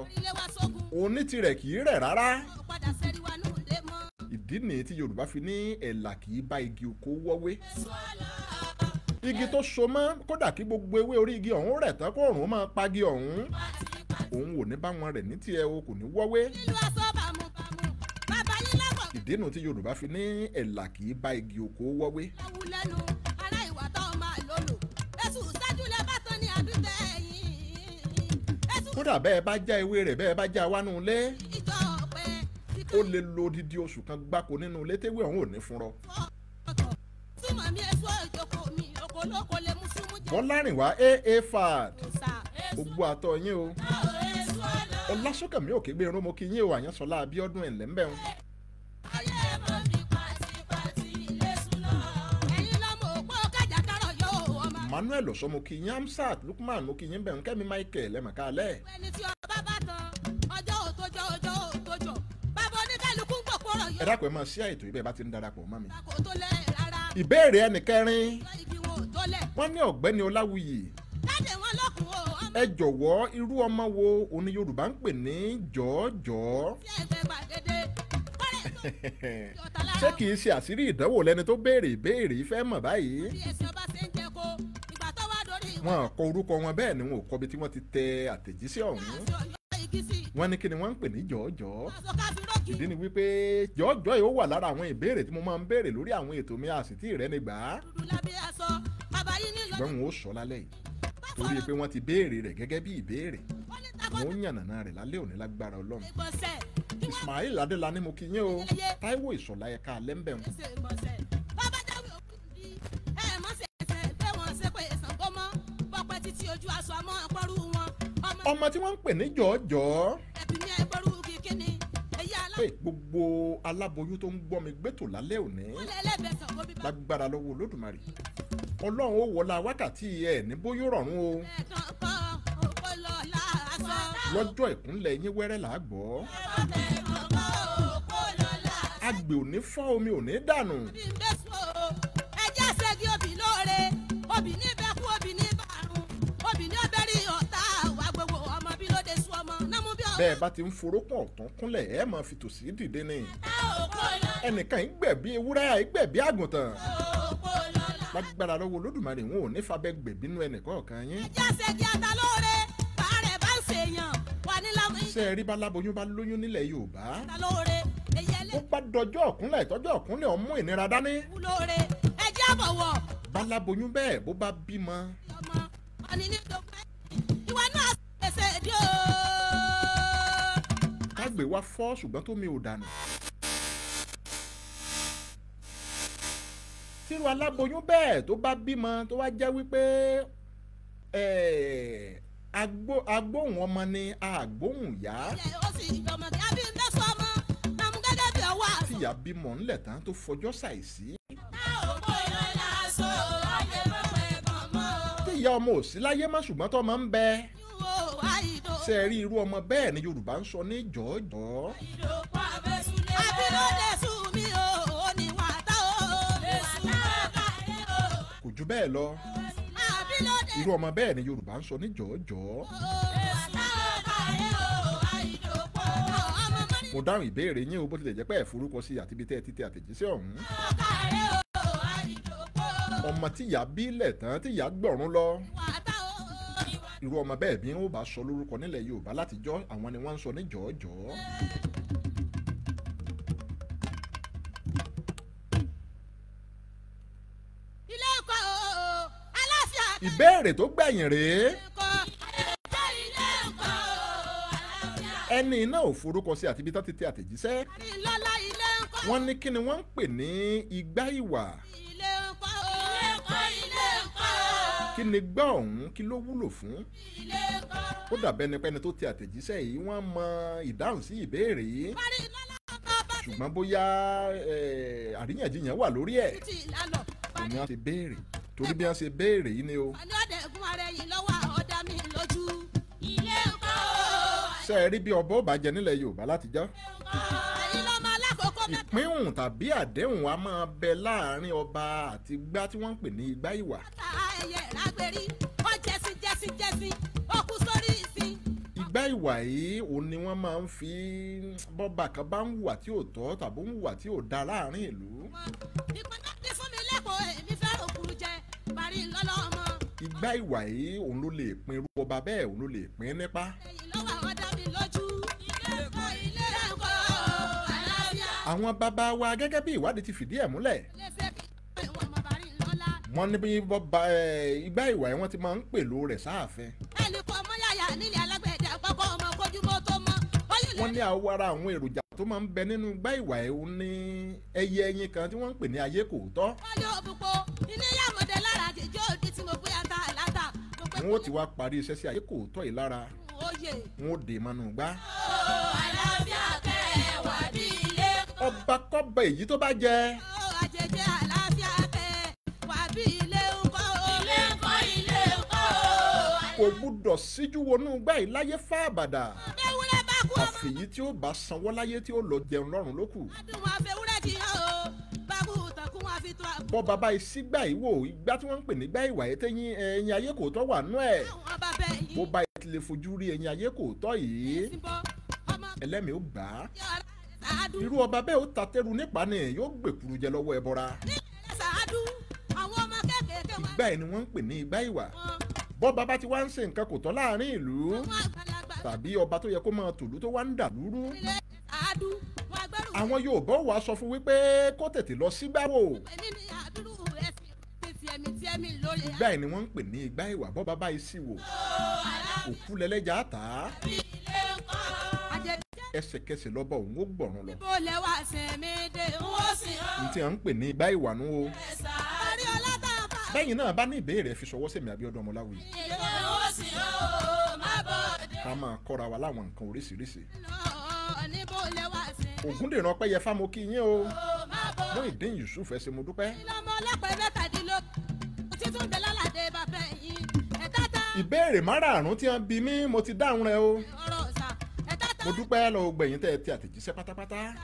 S2: oní tirẹ̀ kì í rẹ̀ rárá ìdí nìyí tí Yorùbá fi ní ẹ̀là kì í bá igi oko wọ́wé igi tó so mọ́ kódà kí gbogbo ewé orí igi ọ̀hún rẹ̀ tán kó òrùn máa pagi ọ̀hún òun ò ní bá wọn rẹ̀ ní tiẹ̀ o kò ní wọ́wé. nínú aṣọ bàmù bàmù bàbá yín lábọ̀. ìdínà tí Yorùbá fi ní ẹ̀là kì í bá igi oko wọ́wé.
S4: ẹ̀wù lẹ́nu ará ìwà tó máa lò lò èṣù sẹ́júlẹ̀ bá tán ní àdúgbò ẹ̀yìn.
S2: kódà bẹ́ẹ̀ bá já ewé rẹ̀ bẹ́ẹ̀ bá já wánú lé. ìjọ ọ̀pẹ. ó lè lo odidi oṣù kan gbáko nínú ilé téwé ọ̀hún ò ní fúnrọ. túmọ̀ Bọ́lárìnwá aa fad gbogbo àtọ̀ yín o ọlásùnkànmí òkè gbé irun mo kí yín o àyànsọlá abíọ́dún ẹ̀lẹ́mbẹ̀rún. Emmanuel ọ̀sọ́ mo kí yín Amsat Lukman mo kí yín bẹ̀rún Kẹ́mi Michael ẹ̀mọ̀ kálẹ̀. ẹ dákun ẹ máa ṣí àìtò ibẹ̀ bá ti ń darapọ̀ mọ́ mi. ìbéèrè ẹnì kẹrin wọ́n ní ọ̀gbẹ́ni Ọláwuyì ẹ jọ̀wọ́ irú ọmọ wo òní Yorùbá ń pè ní jọ̀ọ́jọ̀ọ́. ṣé kì í ṣe àṣírí ìdánwò lẹni tó béèrè ìbéèrè ìfẹ́ mọ̀ báyìí. wọn kọ orúkọ wọn bẹ́ẹ̀ ni wọn ò kọbi tí wọ́n ti tẹ àtẹ̀jíṣẹ́ ọ̀hún wọ́n ní kí ni wọ́n ń pè ní jọ̀ọ́jọ̀ọ́ ìdí ni wípé jọ̀ọ́jọ̀ọ́ yìí ó wà lára àwọn ìbéèrè tí mo máa ń béèrè lórí àwọn ètò mi àsìtì rẹ nígbà ṣùgbọ́n wọn ó sọ lálẹ́ yìí torí pé wọ́n ti béèrè rẹ̀ gẹ́gẹ́ bí ìbéèrè wọ́n ń rẹ̀ lálẹ́ òní lágbára ọlọ́run Ismail Adélàní mo kí yín o Táíwò Ìṣọ̀lá ẹ̀ka alẹ́ńbẹ̀ wọn. ọmọ tí wọ́n ń pè ní jọ̀ọ́jọ́ pé gbogbo aláboyún tó ń gbọ́ mi gbẹ́tò lálẹ́ òní lágbára lọ́wọ́ Olódùmarè tọ́lọ́run ó wọlá wákàtí ẹ̀ ní bóyó rọ̀rùn o. lọ́jọ́ ìkúnlẹ̀ yín wẹ́rẹ́ là á gbọ́. agbè ò ní fọ́ omi ò ní dànù.
S4: ẹjẹ́ ṣẹ́gi obì lóore obì ní bẹ́ẹ̀ kú obì ní bàrùn obì ní abẹ́rí ọ̀tá wà gbogbo ọmọ bí lóde sú ọmọ námú bí ọmọ. bẹ́ẹ̀
S2: bá ti ń forókùn ọ̀tún kúnlẹ̀ ẹ̀ máa fi dìde ni. ẹnìkan ìgbẹ̀bí ewúrẹ́ ìgbẹ̀bí àgùntàn lágbára lọ́wọ́ olódùmarè wọn ò ní fàbẹ́ gbèbínú ẹnì yín. ẹja ṣe kí ata
S4: lóore bàárẹ̀ bá ṣèyàn wà ní lábẹ́. ṣé
S2: ẹ rí balaboyún bá lóyún nílẹ̀ Yorùbá. ata
S4: lóore èyí
S2: ẹlẹ́. ó bá dọjọ́ ọ̀kúnlẹ̀ ìtọ́jọ́ ọ̀kúnlẹ̀ ọmú ìnira dání.
S4: lóore ẹja
S2: bọ̀wọ̀. balaboyún bẹ́ẹ̀ bó bá bímọ. ọmọ
S4: ọ̀nì ní ìdókòwò
S2: ìwà tírú aláboyún bẹ́ẹ̀ tó bá bímọ tó wá jẹ́ wípé agbóhùn ọmọ ni agbóhùn yá. tíyà bímọ ńlẹ̀ tán tó fọjọ́ ṣàìsí. tíyà ọmọ ò sí láyé má ṣùgbọ́n tó máa ń bẹ. ṣe rí irú ọmọ bẹ́ẹ̀ ni Yorùbá ń sọ ní jọ̀ọ́jọ̀ọ́. jù bẹ́ẹ̀ lọ irú ọmọ bẹ́ẹ̀ ni Yorùbá ń sọ ní jọ̀ọ́jọ̀ọ́. mo dáhùn ìbéèrè yín o bó tilẹ̀ jẹ́ pé ẹ̀ forúkọ sí àti ibi tẹ́ ẹ ti tẹ àtẹ̀jíṣẹ́ ọ̀hún. ọmọ tíyà bílẹ̀ tán tíyà gbọ̀rún lọ. irú ọmọ bẹ́ẹ̀ bí wọ́n bá sọ lórúkọ nílẹ̀ Yorùbá látijọ́ àwọn ni wọ́n ń sọ ní jọ̀ọ́jọ̀ọ́. ìbéèrè tó gbẹ̀yìn rèé. ẹni iná ò forúkọ sí àti ibi tán ti tẹ àtẹ̀jíṣẹ́. wọ́n ní kí ni wọ́n ń pè ní igbá ìwà. kí ni gbọ́ ọ̀hún kí ló wúlò fún. ó dàbẹ́ ni pẹ́ni tó tẹ àtẹ̀jíṣẹ́ yìí wọ́n mọ ìdáhùn sí ìbéèrè yìí ṣùgbọ́n bóyá àríyànjiyàn wà lórí ẹ̀ òun á ti béèrè torí bí wọ́n ṣe béèrè yìí ni o.
S4: àní ọ̀dẹ̀ ẹ̀gún ara ẹ̀yìn lọ́wọ́ ọ̀dà mi lójú. ilé ńkọ́ o.
S2: ṣe é rí bí ọbọ̀ bàjẹ́ nílẹ̀ Yorùbá látijọ́. ìpínhùn tàbí àdéhùn a máa bẹ láàrin ọba àti gbá tí wọ́n ń pè ní igbá ìwà. igbá ìwà yìí òun ni wọ́n máa ń fi bọ́ba kan bá ń hùwà tí ò tọ́ tàbí ń hùwà tí ò da láàrin ìlú.
S4: ìpínlẹ̀ fún mi lẹ́kọ̀ọ́ èmi f
S2: igbá ìwà yìí òun ló lè pin irú ọba bẹ́ẹ̀ òun ló lè pin nípa. àwọn bàbá wa gẹ́gẹ́ bí ìwádìí ti fìdí ẹ̀ múlẹ̀ wọ́n ní bí igbá ìwà yìí wọ́n ti máa ń pèlò rẹ̀ sáàfin. ẹnì
S4: kan mọ́ yàyà nílẹ̀ alágbẹ̀dẹ àpapọ̀ ọmọ kojúmọ́ tó mọ́. wọ́n
S2: ní àwọ̀ ara àwọn èròjà tó máa ń bẹ nínú igbá ìwà yìí ní ẹyẹ ẹyin kan tí wọ́n ń pè ní ayé kò tọ́.
S4: wọ́n ní òbúkọ ìníyà
S2: wọn ó ti wá parí iṣẹ́ sí àyè kò tọ́ yìí lára
S4: wọn
S2: ó dè mọ́nú gbá. Oh, àlàáfíà kẹ́ ẹ wà ní ilé. ọba kọ́ba èyí tó bá jẹ. Oh, àjẹjẹ
S4: àlàáfíà kẹ́ wà bí ilé ń kọ́ o. ilé ń kọ́ ilé ń kọ́
S2: o. kò gbúdọ̀ síjú wọnú gbá yìí láyé fáàbàdà. àfẹ̀yí tí ó bá sanwó láyé tí ó lọ jẹun lọ́rùn lókù. àdùnmọ̀ àfẹ́wọ́ bọ́ bàbá ìsígbà ìwò ìgbà tí wọ́n ń pè nígbà ìwà yẹn tẹ́yìn ẹ̀yìn ayé kò tọ́ wà nú ẹ̀ bó bá yẹn ti lè fojú rí ẹ̀yìn ayé kò tọ́ yìí ẹlẹ́mìí ó gbà á irú ọba bẹ́ẹ̀ ó ta tẹ́rù nípa ni yóò gbèkúrú jẹ lọ́wọ́ ẹbọra ìgbà yẹn ni wọ́n ń pè ní ìgbà bọ́ bàbá ti wá ń ṣe nǹkan kò tọ́ láàrin ìlú tàbí ọba tó yẹ kó máa tòlú tó wá ń dà lúrú àwọn Yorùbá wàá sọ fún wípé kó tètè lọ sí gbáwò. ìgbà yìí ni wọ́n ń pè ní ìgbà ìwà bọ́ bàbá yìí sì wò òkú lẹ́lẹ́jà tà á ẹsẹ̀kẹsẹ̀ lọ́bọ̀ òun ó gbọ̀ràn lọ. n tí a ń pè ní ìgbà ìwà nù o. bẹ́yìn náà bá ní ìbéèrè fi ṣọwọ́ sẹ̀mí Abíọ́dún Ọmọláwí. ká máa kọ́ra wa láwọn nǹkan oríṣiríṣi ògúndèrè ọpẹyẹ fámo kí yín o Muyideen Yusuf ẹsẹ mo dúpẹ́. ìlọmọ ọlọpàá ìbéèrè márààrún tí wọ́n bi mí mo ti dáhùn rẹ̀ o. mo dúpẹ́ lọ gbẹ̀yìn tẹ́ ẹ ti àtẹ̀jíṣẹ́ pátápátá.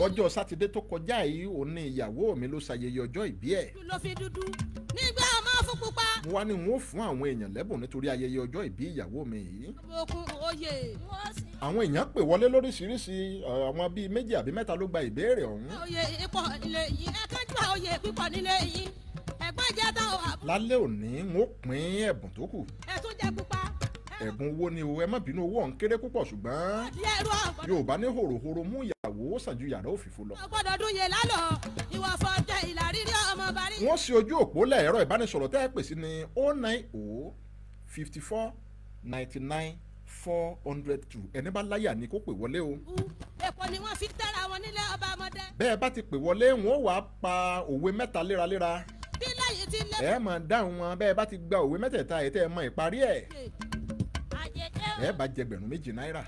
S2: lọ́jọ́ sátidé tó kọjá yìí òun ni ìyàwó mi ló ṣayẹyẹ ọjọ́ ìbí ẹ̀. nígbà ọmọ fún pupa mo wá ní n ó fún àwọn èèyàn lẹ́bùn nítorí ayẹyẹ ọjọ́ ìbí ìyàwó mi yìí. àwọn èèyàn pè wọlé lóríṣiríṣi àwọn bíi méjì àbí mẹ́ta ló gba ìbéèrè ọ̀hún. lálẹ́ òní n pín ẹ̀bùn tó kù. ẹ̀bùn owó ni o ẹ má bínú owó ọ̀hún kéré púpọ̀ ṣùgbọ́n Yorùbá ní hòròhòrò mú ìyá ìyàwó sàn ju yàrá òfìfo lọ.
S4: ọgbọ́dọ̀ dún yẹn lálọ́ ìwà fọ́jẹ́ ìlàrírí ọmọ bari.
S2: wọ́n ṣe ojú òpó lẹ̀ ẹ̀rọ ìbánisọ̀rọ̀ tẹ́ ẹ pè ní oh nine oh fifty four ninety nine four hundred two ẹni bá láyà ni kó pè wọlé o.
S4: èkó ni wọ́n fi tẹ́ra wọn nílé ọba ọmọdé.
S2: bẹ́ẹ̀ bá ti pè wọlé wọn ò wá pa òwe mẹ́ta léraléra.
S4: bí lẹ́yìn ti lé. ẹ
S2: máa dáhùn wọn bẹ́ẹ̀ bá ti gba òwe mẹ́tẹ̀ẹ̀ta ẹ̀ tẹ́ ẹ mọ ìparí ẹ̀ ẹ bá jẹ gbẹ̀rún méjì náírà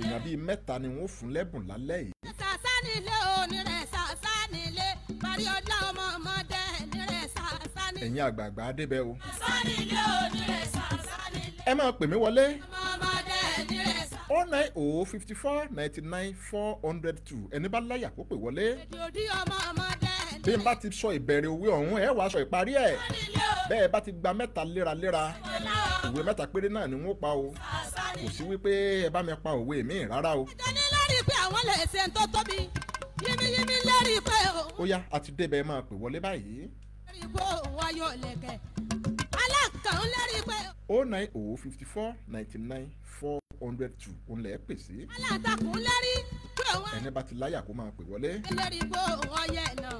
S2: èèyàn bíi mẹ́ta ni wọ́n fún lẹ́bùn lálẹ́ yìí.
S4: sàṣà nílé òní rẹ̀ sàṣà nílé parí ọlá ọmọ ọmọdé ní rẹ̀ sàṣà
S2: nílé. ẹ̀yin àgbààgbà adébẹ̀ o. sàṣà
S4: nílé òní rẹ̀ sàṣà
S2: nílé. ẹ máa pè mí wọlé. ọmọ
S4: ọmọdé ní rẹ̀
S2: sàṣà. oh nine O oh fifty four ninety nine four hundred two ẹni bá láyà kó pè wọlé.
S4: èdè òdì ọmọ ọmọdé
S2: bí n bá ti sọ ìbẹ̀rẹ̀ òwe ọ̀hún ẹ wàá sọ ìparí òwe mẹ́ta péré náà ni wọ́n pa o kò sí wípé ẹ bá mi pa òwe mi rárá o.
S4: ìdánilẹ́rìí pé àwọn lè ṣe ń tó tóbi yínmíyínmí lẹ́rìí pé o.
S2: ó yá a ti débẹ̀ máa pè wọlé báyìí.
S4: lẹ́rìí pé òun ayọ̀ lẹ̀kẹ̀ alákàn lẹ́rìí
S2: pé. o oh nine o oh fifty four ninety nine four hundred two òun lẹ̀ pè sí. alátakùn lẹ́rìí pé òun. ẹni bá ti láyà kó máa pè wọlé.
S4: lẹ́rìí pé òun ọyẹ náà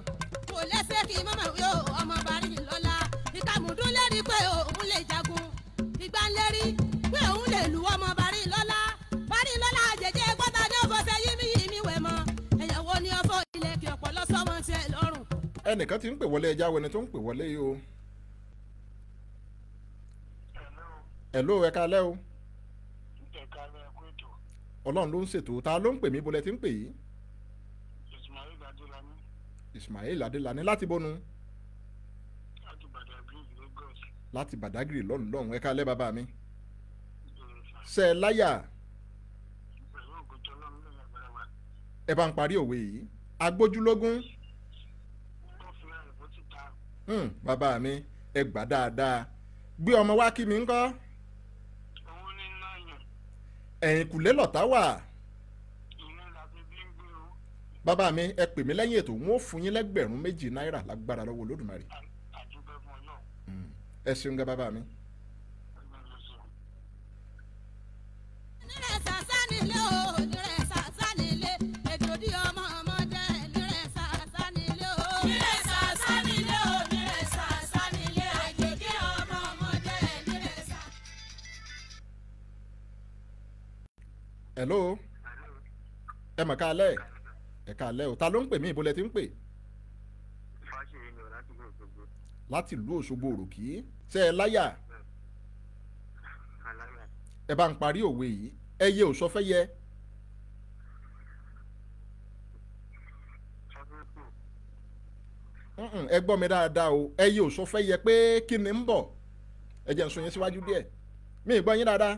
S4: kò lẹ́sẹ̀ kí mọ́mọ́ yóò ọmọ bá rí lọ́la ìkàmùdún lẹ́rìí pé òun lè jagun tèlú ọmọ bari lọ́la bari lọ́la jẹjẹ gbọ́dọ̀ ní ọ̀fọ̀sẹ̀ mi yìí mi wẹ̀ mọ́ ẹ̀yàn wo ni ọ̀fọ̀ ilẹ̀ kí ọ̀pọ̀lọ́ sọ́mọ tiẹ̀
S2: ẹnìkan ti ń pè wọlé ẹja wẹni tó ń pè wọlé yìí o. ẹ̀ló ẹ kalẹ́ o. ọlọ́run ló ń ṣètò ta ló ń pè mí bolẹ̀ tí ń pè yìí.
S1: Ismail Adélani.
S2: Ismail Adélani láti bọ́nu. láti Badagry lọ́nù lọ́hùn ẹ kalẹ́ bàbá mi ṣe é láyà. ẹ bá ń parí òwe yìí agbójúlógún. Hmm, bàbá mi ẹ gbà dáadáa gbé ọmọ wá kí mi ń kọ́. ẹ̀yìn kùlé lọ̀tá wà. bàbá mi ẹ pè mí lẹ́yìn ètò wọn ò fún yín lẹ́gbẹ̀rún méjì náírà lágbára lọ́wọ́ olódùmarè. Hmm, ẹ ṣeun gẹ́ bàbá mi. hello ẹ mọ̀ ká lẹ́ ẹ̀ ká lẹ́ o ta ló ń pè mí ibo lẹ ti ń pè. fáṣeyìn ni o láti ìlú Òṣogbo. láti ìlú Òṣogbo òròkì ṣe é láyà. aláyà. ẹ bá ń parí òwe yìí ẹyẹ ò sọ fẹ́yẹ. ẹ gbọ́ mi dáadáa o ẹyẹ ò sọ fẹ́yẹ pé kí ni ń bọ̀ ẹ jẹ́ n sọ yẹn síwájú díẹ̀ mi ì gbọ́ yín dáadáa.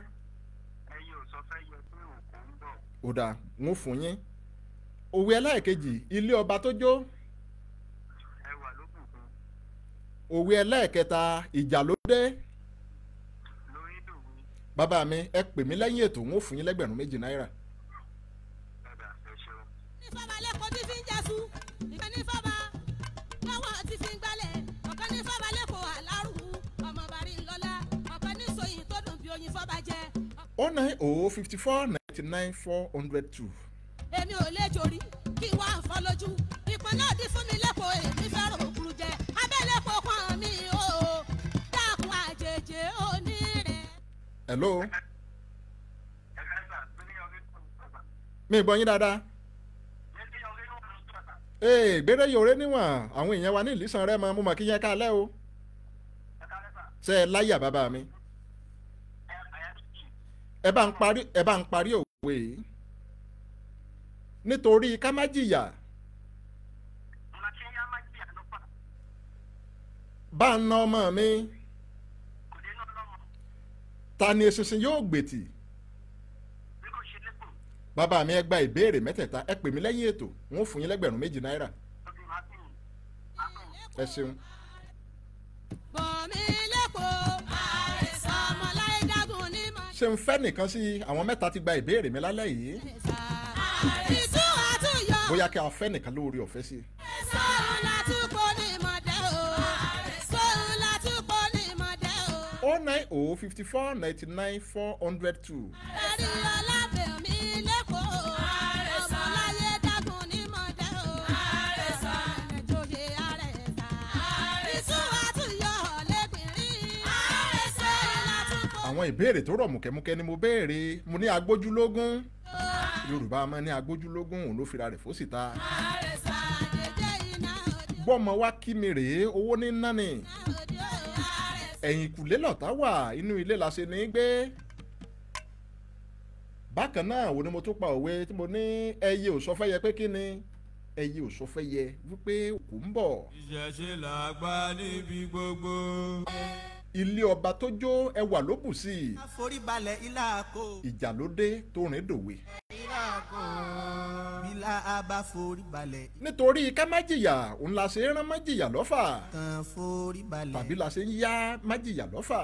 S2: ẹyẹ ò sọ fẹ́yẹ pé òkú ń bọ̀. ó dáa ń fún yín òwe ẹlẹ́ẹ̀kejì ilé ọba tó jó òwe ẹlẹ́ẹ̀kẹta ìjà ló dé bàbá mi ẹ pè mí lẹ́yìn ètò ń ó fún yín lẹ́gbẹ̀rún méjì náírà.
S4: ìfọ̀bà lẹ́kọ̀ọ́
S2: tí oh fifty four ninety nine four hundred two.
S4: èmi ò lè jòrí kí wàá fọ́ lójú ìpọ́nlọ́ọ̀dì fún mi lẹ́kọ̀ọ́
S2: hello. mi gbọ́ yín dáadáa. ee gbére yòrè níwọ̀n àwọn èèyàn wa ní ìlísàn rẹ mọ mo mọ̀ kí yẹn ká lẹ́ o. ṣe é láyà bàbá mi. ẹ bá ń parí ẹ bá ń parí òwe yìí. nítorí ká má jìyà. bá a na ọmọ mi ta ni eṣinṣin yóò gbètì. bí kò bàbá mi ẹ gba ìbéèrè mẹ́tẹ̀ẹ̀ta ẹ pè mí lẹ́yìn ètò wọn fún yín lẹ́gbẹ̀rún méjì náírà. ẹ ṣeun. ṣé n fẹ́ nìkan sí àwọn mẹ́ta ti gba ìbéèrè mi lálẹ́ yìí. bóyá kí a fẹ́ nìkan lóore ọ̀fẹ́ sí i. oh nine oh fifty four ninety nine four hundred two.
S4: ẹ̀rí ọlábẹ̀mí lẹ́kọ̀ọ́ ọmọláyé dágùn ní mọ̀dẹ́ o àrẹ̀sà ẹ̀jọ̀yè àrẹ̀sà ìṣúwà tún yọ lẹ́gbìnrin àrẹ̀sà
S2: ìlàtúkọ̀. àwọn ìbéèrè tó rọ̀ mùkẹ́mùkẹ́ ni mo béèrè mo ní agbójúlógún yorùbá máa ní agbójúlógún òun ló fira rẹ̀ fósìta. àrẹ̀sà gbọ́mọ wá kí mi rèé owó ní náà ẹ̀yìn kùlé lọ̀tá wà inú ilé la ṣe ní gbé bákan náà wo ni mo tún pa òwe tí mo ní ẹyẹ ò sọ fẹ́ yẹ pé kí ni ẹyẹ ò sọ fẹ́ yẹ wípé òkú ń bọ̀. ìṣẹ̀ṣe làgbà níbi gbogbo ilé ọba tó jó ẹwà ló bù sí i.
S3: àforíbalẹ̀ ilá àkó.
S2: ìjà ló dé tó rìn dòwe.
S3: ilá àkó ilá àbá foríbalẹ̀.
S2: nítorí ká má jìyà òun la ṣe rán má jìyà lọ́fà. kàn foríbalẹ̀. tàbí la ṣe ń yá má jìyà lọ́fà.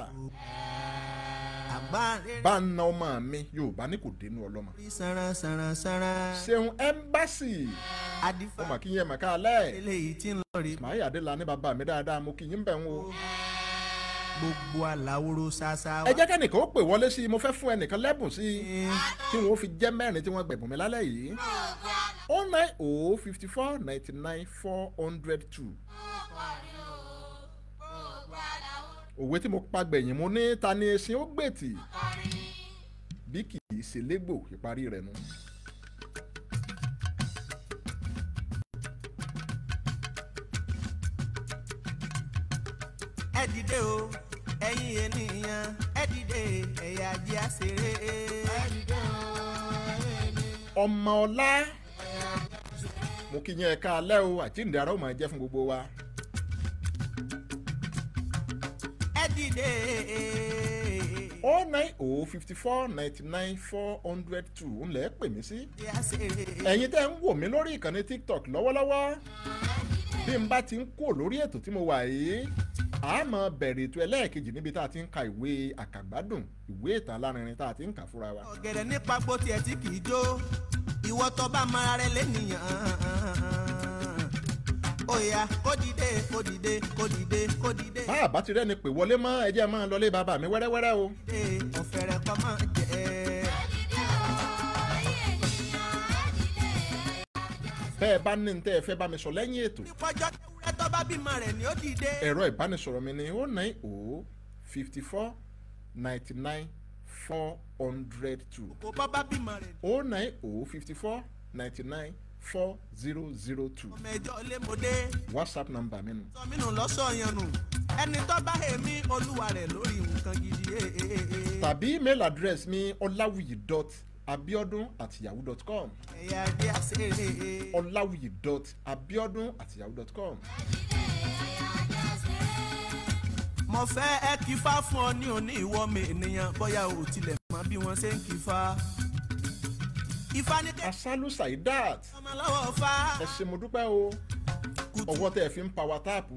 S2: bá a na ọmọ mi yorùbá ní kò dénú ọlọ́mọ. sanra sanra sanra. ṣeun ẹ́mbásì. adifa ọmọ kí yẹn mọ̀ ká alẹ́. eléyìí ti ń lọ rí. màá yàdé la ní baba mi dáadáa mo kì í yín bẹ̀ ń wo gbogbo aláwòrò ṣáṣá wa. ẹ jẹ́ kẹ́nìkan ó pè wọlé sí i mo fẹ́ fún ẹnìkan lẹ́bùn sí i tí wọ́n fi jẹ́ mẹ́rin tí wọ́n gbẹ̀bùn mi lálẹ́ yìí. o oh nine o oh fifty four ninety nine four hundred two. òwe tí mo pa gbẹ̀yìn mo ní ta ni ẹṣin ó gbètì bí kì í ṣe légbò ìparí rẹ̀ nu. No.
S3: ẹ o ẹ̀yin ènìyàn
S2: ọmọ ọlá mo kí o ara ó máa jẹ́ fún gbogbo wa. ẹ dìde. o oh nine o oh fifty four ninety nine four hundred pè mí sí. ẹ̀yin tẹ́ ń lórí ìkànnì tiktok lọ́wọ́lọ́wọ́ bí n bá ti ń kó lórí ètò tí mo wà yìí. a máa bẹ̀rẹ̀ ètò ẹlẹ́ẹ̀kejì níbi tá a ti ń ka ìwé àkàgbádùn ìwé ìtàn alárinrin tá a ti ń kà fúnra wa. ọ̀gẹ̀dẹ̀ nípa gbó tiẹ̀ tí kì í jó ìwọ tó bá mara rẹ lẹ́nìyàn òyà kó dìde kó dìde kó dìde kó dìde. bá a bá ti rẹ́ni pè wọlé mọ́ ẹ jẹ́ máa lọlé bàbá mi wẹ́rẹ́wẹ́rẹ́ o. ọ̀fẹ́rẹ́ kọ́ máa jẹ ẹ́. bẹ́ẹ̀ bá ní ní tẹ́ ẹ fẹ́ bá mi sọ lẹ́yìn ètò ẹtọ́ bá bímọ rẹ̀ ni ó dìde. ẹ̀rọ ìbánisọ̀rọ̀ mi ni ó nine o oh fifty four ninety nine four hundred two. òkò bá bímọ rẹ̀. ó oh nine o oh fifty four ninety nine four zero zero two. ọmọ
S3: ẹjọ́ lémodé.
S2: whatsapp number mi nù. sọ
S3: mi nù lọ́sọ̀ yẹn nù ẹni tó bá èmi olúwa rẹ̀ lórí nǹkan gidi. Eh,
S2: eh, eh, tàbí email address mi ọláwùyí dot abiodun at yahoo dot com ọláwìyí dot abiodun at yahoo dot com. mo fẹ́ ẹ kí fá fún ọ ní òní ìwọ mi ènìyàn bóyá o tilẹ̀ mọ bí wọ́n ṣe ń kí Asalu Saidat ẹ ṣé mo dúpẹ́ o ọwọ́ tẹ́ fi ń pa wa táàpù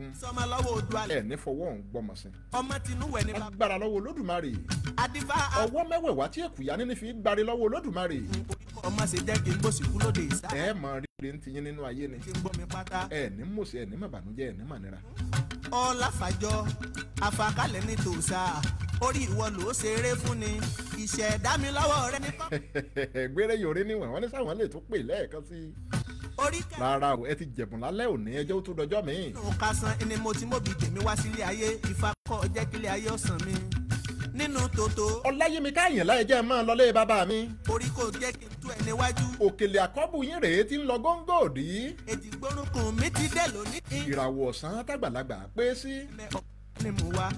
S2: ẹ̀ ní fọwọ́ ń gbọ́mọ̀ sí. agbára lọ́wọ́ Olódùmarè ọwọ́ mẹ́wẹ̀wá tí èkúyà níní fi gbari lọ́wọ́ olódùmarè. ọmọ ṣe jẹ́ kí n gbòsì kú lóde ìsá. ẹ mọ rírì ń tiyín nínú ayé ni. ṣé ń gbọ́ mi pátá. ẹ ní mòsí ẹ ní màbànújẹ́ ẹ ní mànira.
S3: ọláfàjọ àfàkálẹ̀ ní tòṣà orí ìwọ ló ṣeré fún ni iṣẹ́ dámi lọ́wọ́ rẹ ní kọ́.
S2: gbére yòrè níwọ̀n wọn ní sáwọn lè tún pè lẹ́ẹ̀kan sí rárá o ẹ ti jẹ̀bùn lálẹ́ òní ẹjọ́ tó dọjọ́ mi.
S3: nǹkan san ẹni mo ti mọ̀ bí tèmi wá sílé ayé ìfakọ̀ jẹ́ kílé ayé ọ̀sán mi
S2: nínú tòótó. ọ̀làyẹmí káyìn láì jẹ́ máa lọlé bàbá mi. orí kò jẹ́ kí n tú ẹ níwájú. òkèlè àkọ́bù yín rèé ti ń lọ góńgó òdì. èjì gbórúkùn mi ti dẹ̀ lónìí. ìràwọ̀ ọ̀sán tàgbàlagbà pé sí. mẹ́ ọ̀pọ̀ ni mo wá.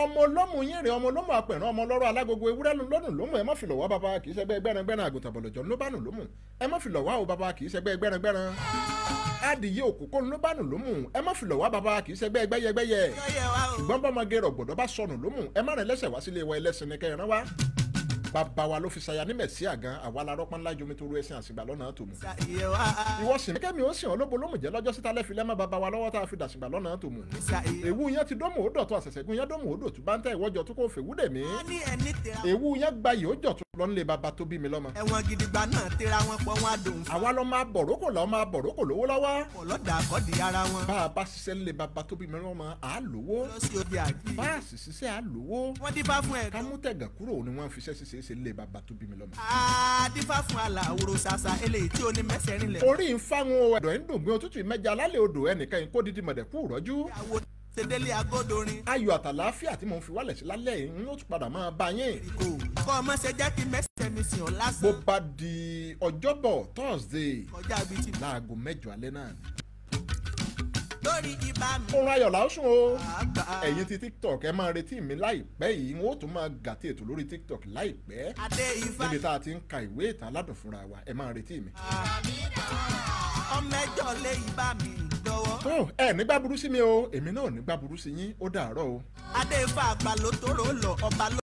S2: ọmọ ọlọ́mù yín rè ọmọ ọlọ́mù apẹ̀rán ọmọ ọlọ́rọ̀ alágogo ewúrẹ́ lọ́dún lómù ẹ má fi lọ̀ wá bàbá kì í ṣẹgbẹ́ gbẹ́rangbẹ́ran àgùntàn bọ̀lọ̀jọ̀ ló bá nù lómù ẹ má fi lọ̀ wá o bàbá kì í ṣẹgbẹ́ gbẹ́rangbẹ́ran adìyẹ òkòkò ló bá nù lómù ẹ má fi lọ̀ wá bàbá kì í ṣẹgbẹ́ gbẹ́yẹgbẹ́yẹ ṣùgbọ́n bọ́mọge rọ̀ wa ẹlẹ́sìn ni kẹ́ ẹ bàbá wa ló fi ṣaya ní mẹ̀síà gan àwa la rọ́pọ́n ńlá jomi tó ru àsìgbà lọ́nà tòmù. ìwọ sì ní kẹ́mi ó sìn ọ́ lóbo lómù lọ́jọ́ síta lẹ́fi lẹ́mọ́ bàbá lọ́wọ́ tá a fi dàsìgbà lọ́nà tòmù. èwú yẹn ti dọ́mù ó dọ̀tún àṣẹ̀ṣẹ̀gún yẹn dọ́mù ó dọ̀tún bá ń tẹ́ ìwọ́jọ́ tó kò fèwú dè mí. èwú yẹn gbayì ó jọ̀tún lọ́nlé bàbá tó bí mi lọ́mọ. ẹ̀wọ̀n gidigba náà tẹ́ra wọn pọ̀ wọn àdùn. àwa lọ máa bọ̀ rókò lọ máa bọ̀ rókò lówó lọ́wọ́. ọlọ́dà àkọ́dì ara wọn. bá a bá ṣiṣẹ́ ńlé bàbá tó bí mi lọ́mọ à á lówó. bá a sì ṣiṣẹ́ à á lówó. wọ́n dífá fún ẹ̀. kámútẹ̀gàn kúrò ni wọ́n fi ṣẹ́ ṣiṣẹ́ ṣe ńlé bàbá tó bí mi lọ́mọ. a dífá fún àlà òru ṣàṣà eléyìí tí ó ṣe délé agodorin. ayọ̀ àtàlàáfíà tí mò ń fi wálẹ̀ sí lálẹ́ yìí ń ó padà máa bá yín. kọ́ ọmọ ṣe jẹ́ kí mẹ́sẹ̀ mi sìn ọ́ lásán. bó bá di ọjọ́bọ̀ thursday láago mẹ́jọ alẹ́ náà oorun ayọ̀ lásùn o ẹ̀yin ti tiktok ẹ máa retí mi láìpẹ́ yìí n ó tún máa gàtí ètò lórí tiktok láìpẹ́ níbi tá a ti ń ka ìwé ìtàn aládùn fúnra wa ẹ máa retí mi. ọmọ tó ẹ nígbà burú sí mi o èmi náà nígbà burú sí yín ó dàárọ̀ o.
S4: adé ifá àgbà ló tóró lọ ọba ló.